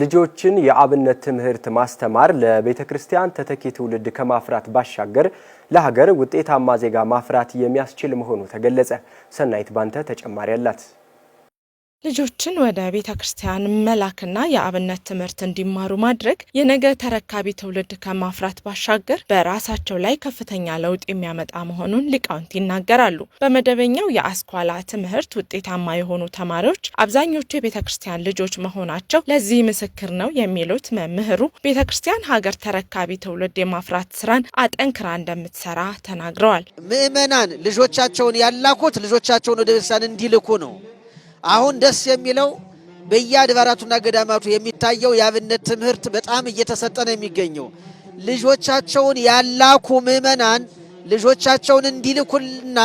ልጆችን የአብነት ትምህርት ማስተማር ለቤተ ክርስቲያን ተተኪ ትውልድ ከማፍራት ባሻገር ለሀገር ውጤታማ ዜጋ ማፍራት የሚያስችል መሆኑ ተገለጸ። ሰናይት ባንተ ተጨማሪ አላት። ልጆችን ወደ ቤተ ክርስቲያን መላክና የአብነት ትምህርት እንዲማሩ ማድረግ የነገ ተረካቢ ትውልድ ከማፍራት ባሻገር በራሳቸው ላይ ከፍተኛ ለውጥ የሚያመጣ መሆኑን ሊቃውንት ይናገራሉ። በመደበኛው የአስኳላ ትምህርት ውጤታማ የሆኑ ተማሪዎች አብዛኞቹ የቤተ ክርስቲያን ልጆች መሆናቸው ለዚህ ምስክር ነው የሚሉት መምህሩ ቤተ ክርስቲያን ሀገር ተረካቢ ትውልድ የማፍራት ስራን አጠንክራ እንደምትሰራ ተናግረዋል። ምእመናን ልጆቻቸውን ያላኩት ልጆቻቸውን ወደ ቤተክርስቲያን እንዲልኩ ነው። አሁን ደስ የሚለው በየአድባራቱና ገዳማቱ የሚታየው የአብነት ትምህርት በጣም እየተሰጠ ነው የሚገኘው። ልጆቻቸውን ያላኩ ምእመናን ልጆቻቸውን እንዲልኩና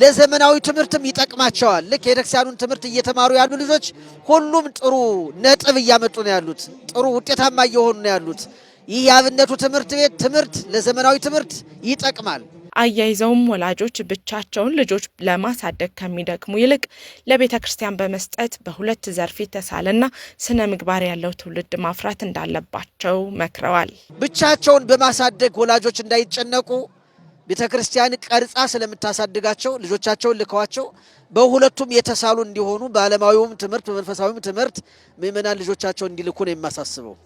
ለዘመናዊ ትምህርትም ይጠቅማቸዋል። ልክ የደክሲያኑን ትምህርት እየተማሩ ያሉ ልጆች ሁሉም ጥሩ ነጥብ እያመጡ ነው ያሉት፣ ጥሩ ውጤታማ እየሆኑ ነው ያሉት። ይህ የአብነቱ ትምህርት ቤት ትምህርት ለዘመናዊ ትምህርት ይጠቅማል። አያይዘውም ወላጆች ብቻቸውን ልጆች ለማሳደግ ከሚደክሙ ይልቅ ለቤተ ክርስቲያን በመስጠት በሁለት ዘርፍ የተሳለና ስነ ምግባር ያለው ትውልድ ማፍራት እንዳለባቸው መክረዋል። ብቻቸውን በማሳደግ ወላጆች እንዳይጨነቁ ቤተ ክርስቲያን ቀርጻ ስለምታሳድጋቸው ልጆቻቸውን ልከዋቸው በሁለቱም የተሳሉ እንዲሆኑ በዓለማዊውም ትምህርት በመንፈሳዊም ትምህርት ምእመናን ልጆቻቸውን እንዲልኩ ነው የማሳስበው።